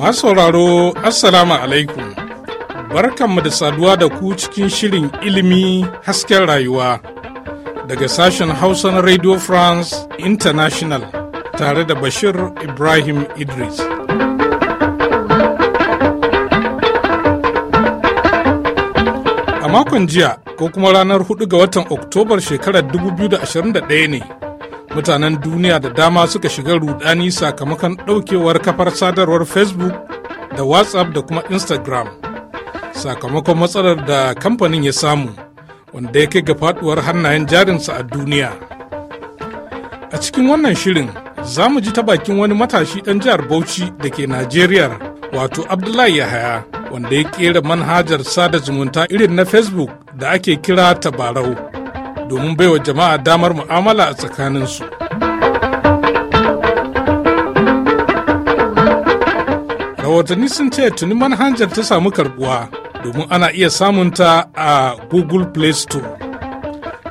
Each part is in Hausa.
Masu sauraro Assalamu alaikum barkanmu da saduwa da ku cikin shirin ilimi hasken rayuwa daga sashen Hausa na Radio France International tare da Bashir Ibrahim Idris. A makon jiya ko kuma ranar 4 ga watan oktobar shekarar 2021 ne mutanen duniya da dama suka shiga rudani sakamakon ɗaukewar kafar sadarwar facebook da whatsapp da kuma instagram sakamakon matsalar da kamfanin ya samu wanda ya kai ga faduwar hannayen jarinsa a duniya a cikin wannan shirin za mu ji ta bakin wani matashi ɗan jihar bauchi da ke najeriya wato abdullahi yahaya wanda ya kera manhajar sada zumunta irin na facebook da ake kira tabarau domin baiwa jama'a damar mu'amala a tsakaninsu rahotanni sun ce tuni manhajar ta samu karbuwa domin ana iya samunta a google play store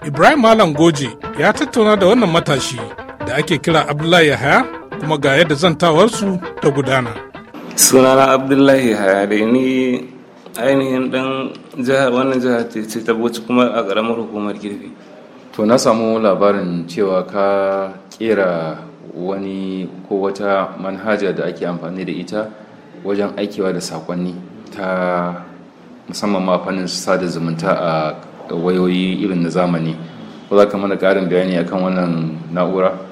ibrahim malam goje ya tattauna da wannan matashi da ake kira abdullahi yahaya kuma ga yadda zantawarsu ta gudana sunana abdullahi hayare ni ainihin dan jihar wannan jihar ce ta bauchi kuma a ƙaramar hukumar girbi to na samu labarin cewa ka kera wani ko wata manhaja da ake amfani da ita wajen aikewa da sakonni ta musamman ma fannin sada zumunta a wayoyi irin na zamani ko za ka mana ƙarin bayani akan wannan na'ura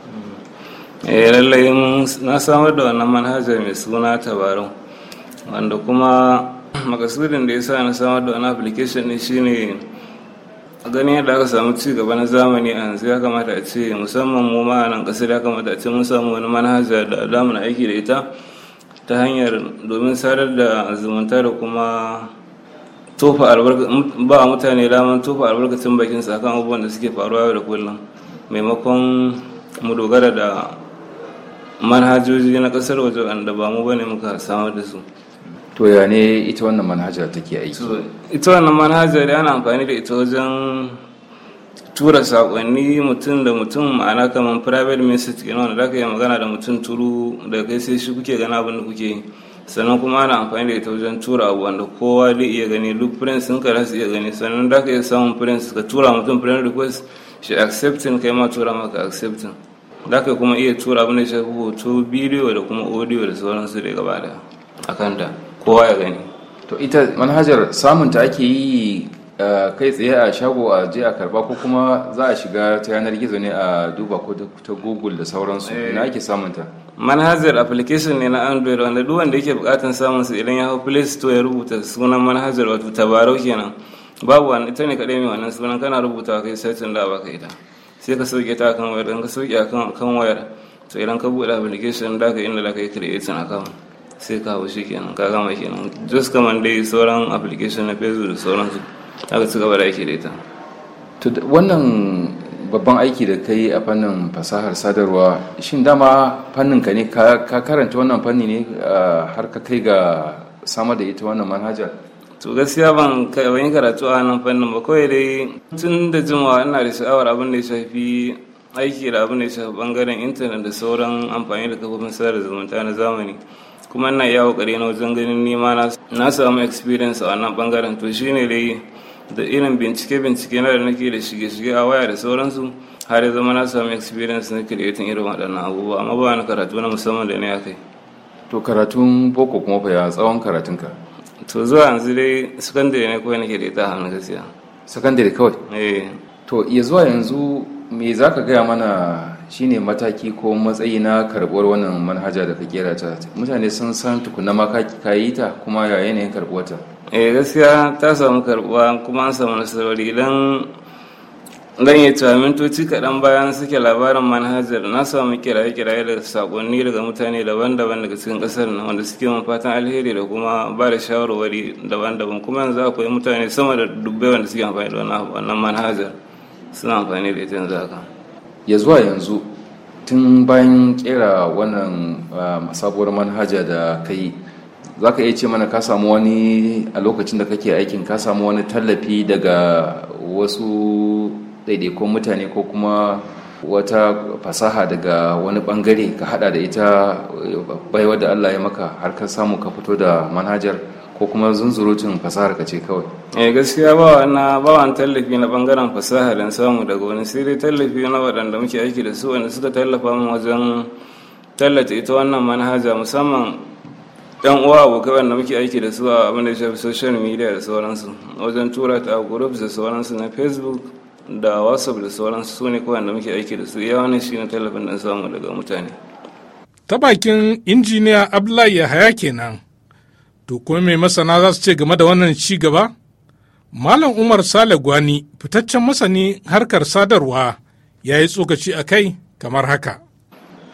eh lallai na samar da wannan manhaja mai suna tabarau wanda kuma makasudin da ya sa na samar da wannan application ne shine ganin yadda aka samu ci gaba na zamani a yanzu ya kamata a ce musamman mu ma nan kasar ya kamata a ce mun samu wani manhaja da damun aiki da ita ta hanyar domin sadar da zumunta da kuma tofa albarkacin ba mutane daman tofa albarkacin bakin su akan abubuwan da suke faruwa yau da kullum maimakon mu dogara da manhajoji na kasar waje wanda ba mu bane muka samar da su to ya ne ita wannan manhajar take aiki ita wannan manhajar ya na amfani da ita wajen tura sakonni mutum da mutum ma'ana kamar private message kenan wanda zaka yi magana da mutum turu da kai sai shi kuke gana abin da kuke yi sannan kuma ana amfani da ita wajen tura abu wanda kowa zai iya gani duk prince sun kara su iya gani sannan zaka iya samun prince ka tura mutum friend request shi accepting kai ma tura maka accepting za ka kuma iya tura abin da shafi hoto bidiyo da kuma audio da sauransu da gaba da akanta kowa ya gani to ita manhajar samunta ake yi eh, kai tsaye a shago a je a karba ko kuma za a shiga ta yanar gizo ne a duba ko ta google da sauransu eh. ina ake samunta manhajar application ne na android wanda duk wanda yake bukatan samun su idan ya hau play store ya rubuta sunan manhajar wato tabarau kenan babu wani ita ne kadai mai wannan sunan kana rubuta kai sai tun da baka ita sai ka sauke ta kan wayar ka sauke kan wayar to idan ka buɗe application da ka inda da ka yi an account sai ka hau shikenan ka gama kenan just kaman dai sauran application na facebook da sauransu haka su gaba da ake da ita to wannan babban aiki da kai a fannin fasahar sadarwa shin dama fannin ka ne ka karanta wannan fanni ne ah, har ka kai ga samar da ita wannan manhajar to gaskiya ban yi karatu a nan fannin ba kawai dai tun da jimawa ina da sha'awar abin da ya shafi aiki da abin da ya shafi bangaren intanet da sauran amfani da kafofin sada zumunta na zamani kuma ina iya kokari na wajen ganin nima na samu experience a wannan bangaren to ne dai da irin bincike-bincike na da nake da shige-shige a waya da sauransu har ya zama na samu experience na creating irin waɗannan abubuwa amma ba na karatu na musamman da ne ya kai to karatun boko kuma fa ya tsawon karatunka to zuwa yanzu dai sakandare ne kawai nake da ita hannu gaskiya sakandare kawai eh to ya zuwa yanzu me za ka gaya mana shine mataki ko matsayi na karbuwar wannan manhaja da ka kera ta mutane sun san tukuna ma ka yi ta kuma ya yanayin karbuwar ta eh gaskiya ta samu karbuwa kuma an samu nasarori idan ganye cewa mintoci kaɗan bayan suke labarin manhajar na samu kiraye-kiraye da saƙonni daga mutane daban-daban daga cikin ƙasar nan wanda suke mun fatan alheri da kuma ba da shawarwari daban-daban kuma yanzu akwai mutane sama da dubbai wanda suke amfani da wannan manhajar suna amfani da ita yanzu haka ya zuwa yanzu tun bayan kera wannan um, sabuwar manhaja da ka yi za ka iya ce mana ka samu wani a lokacin da kake aikin ka samu wani tallafi daga wasu ɗaiɗaikun mutane ko kuma wata fasaha daga wani bangare ka hada da ita baiwa da Allah ya maka har ka samu ka fito da manhajar ko kuma zunzurutun fasahar ka ce kawai eh gaskiya ba na ba tallafi na bangaren fasaha don samu daga wani sirri tallafi na waɗanda muke aiki da su wanda suka tallafa mu wajen tallata ita wannan manhaja musamman yan uwa abokai wanda muke aiki da su a abin da ya shafi social media da sauransu wajen tura ta a groups da sauransu na facebook da whatsapp da sauransu su ne kawai da muke aiki da su yawa ne shi na tallafin da samu daga mutane ta bakin injiniya abdullahi yahaya kenan to kuma mai masana za su ce game da wannan ci gaba malam umar sale gwani fitaccen masani harkar sadarwa ya yi tsokaci a kai kamar haka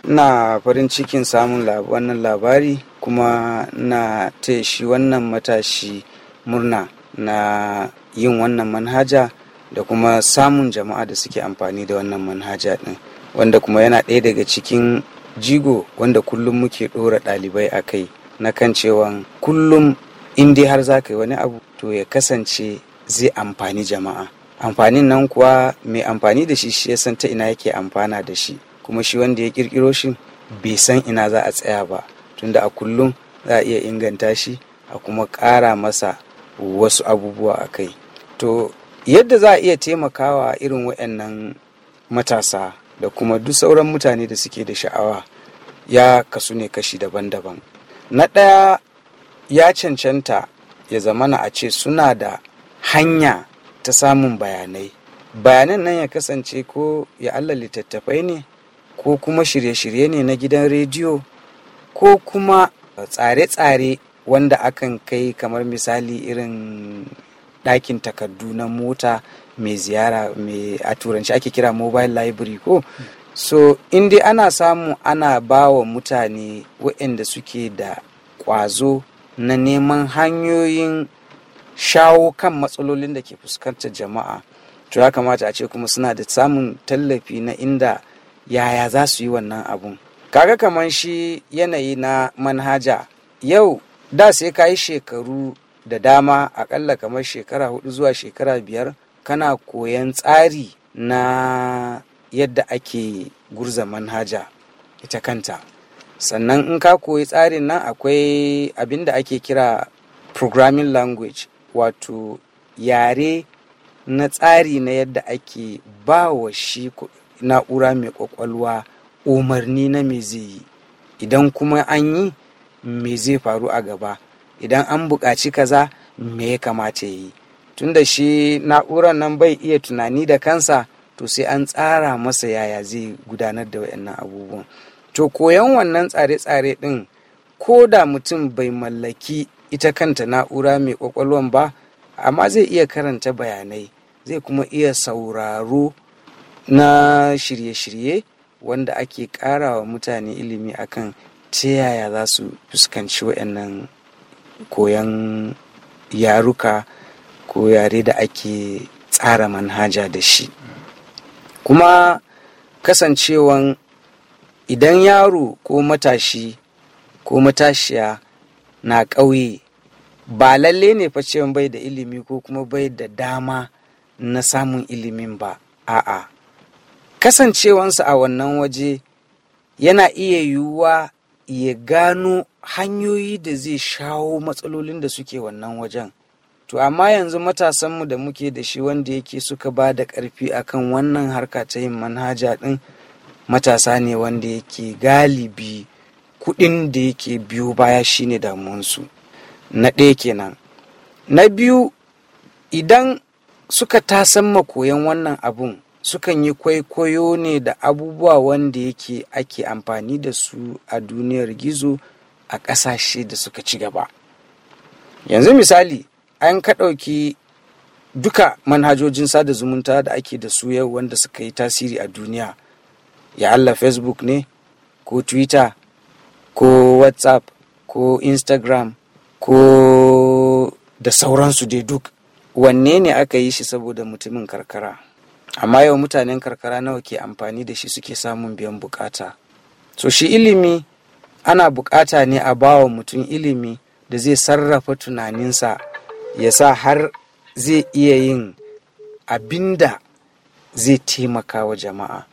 na farin cikin samun wannan labari kuma na taya shi wannan matashi murna na yin wannan manhaja da kuma samun jama'a da suke amfani da wannan manhaja din. wanda kuma yana ɗaya daga cikin jigo wanda kullum muke ɗora ɗalibai a kai na kan cewa kullum in dai har za ka yi wani abu to ya kasance zai amfani jama'a amfanin nan kuwa mai amfani da shi shi ya san ta ina yake amfana da shi kuma shi wanda ya kirkiro shi bai san ina za a tsaya ba tunda a kullum za a iya inganta shi a kuma ƙara masa wasu abubuwa a kai to yadda za a iya taimakawa irin waɗannan matasa da kuma duk sauran mutane da suke da sha'awa ya kasu ne kashi daban-daban na ɗaya ya cancanta ya zamana a ce suna da hanya ta samun bayanai bayanan nan ya kasance ko ya allah littattafai ne ko kuma shirye-shirye ne na gidan rediyo ko kuma tsare-tsare wanda akan kai kamar misali irin ɗakin takardu na mota mai ziyara mai a turanci ake kira mobile library ko so in dai ana samu ana ba wa mutane waɗanda suke da ƙwazo na neman hanyoyin shawo kan matsalolin da ke fuskantar jama'a to ya kamata a ce kuma suna da samun tallafi na inda yaya za su yi wannan abun kaga kamar shi yanayi na manhaja yau da sai ka yi shekaru da dama akalla kamar shekara hudu zuwa shekara biyar kana koyan tsari na yadda ake gurza manhaja ita kanta sannan in ka koyi tsarin nan akwai abin da ake kira programming language wato yare na tsari na yadda ake ba wa shi na'ura mai kwakwalwa umarni na me zai yi idan kuma an yi me zai faru a gaba idan an buƙaci kaza me ya kamata ya yi tunda shi na'urar nan bai iya tunani da kansa to sai an tsara masa yaya zai gudanar da wayannan abubuwan to koyon wannan tsare-tsare ɗin ko da mutum bai mallaki ita kanta na'ura mai ƙwaƙwalwan ba amma zai iya karanta bayanai zai kuma iya sauraro na shirye-shirye wanda ake ƙara wa mutane ilimi akan ta yaya za su fuskanci wayannan koyan yaruka ko yare da ake tsara manhaja da shi kuma kasancewan idan yaro ko matashi ko matashiya na ƙauye ba lalle ne fa bai da ilimi ko kuma bai da dama na samun ilimin ba a'a kasancewansa a wannan waje yana iya yiwuwa ya gano hanyoyi da zai shawo matsalolin da suke wannan wajen to amma yanzu matasanmu da muke da shi wanda yake suka ba da ƙarfi akan wannan harka ta yin manhaja ɗin matasa ne wanda yake galibi kuɗin da yake biyo baya shine damuwansu na ɗaya kenan na biyu idan suka tasamma koyon wannan abun sukan yi kwaikwayo ne da abubuwa wanda yake ake amfani da su a duniyar gizo a ƙasashe da suka ci gaba yanzu misali an kaɗauki duka manhajojin sada zumunta da ake da su yau wanda suka yi tasiri a duniya ya Allah facebook ne ko twitter ko whatsapp ko instagram ko da sauransu dai duk wanne ne aka yi shi saboda mutumin karkara amma yau mutanen karkara nawa ke amfani da shi suke samun biyan bukata so shi ilimi ana bukata ne a bawa mutum ilimi da zai sarrafa tunaninsa ya sa har zai iya yin abinda zai taimaka wa jama'a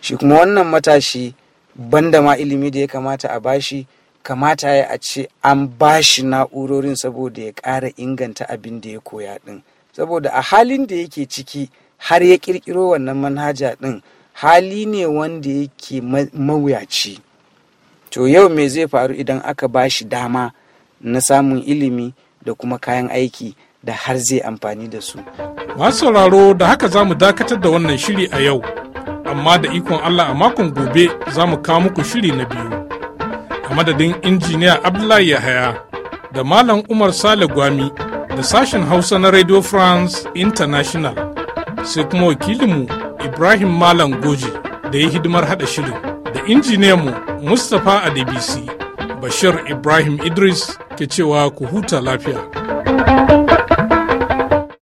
shi kuma wannan matashi banda ma ilimi da ya kamata a bashi kamata ya a ce an bashi na'urorin saboda ya ƙara inganta abin da ya koya ɗin saboda a halin da yake ciki har ya ƙirƙiro wannan manhaja ɗin hali ne wanda yake mawuyaci to yau me zai faru idan aka ba shi dama na samun ilimi da kuma kayan aiki da har zai amfani da su masu sauraro da haka za mu dakatar da wannan shiri a yau amma da ikon allah a makon gobe za mu kawo muku shiri na biyu a madadin injiniya abdullahi yahaya da malam umar sale gwami da sashen hausa na radio france international sai kuma wakilinmu ibrahim malam goji da ya hidimar haɗa shirin mu mustapha adebisi bashir ibrahim idris ke cewa ku huta lafiya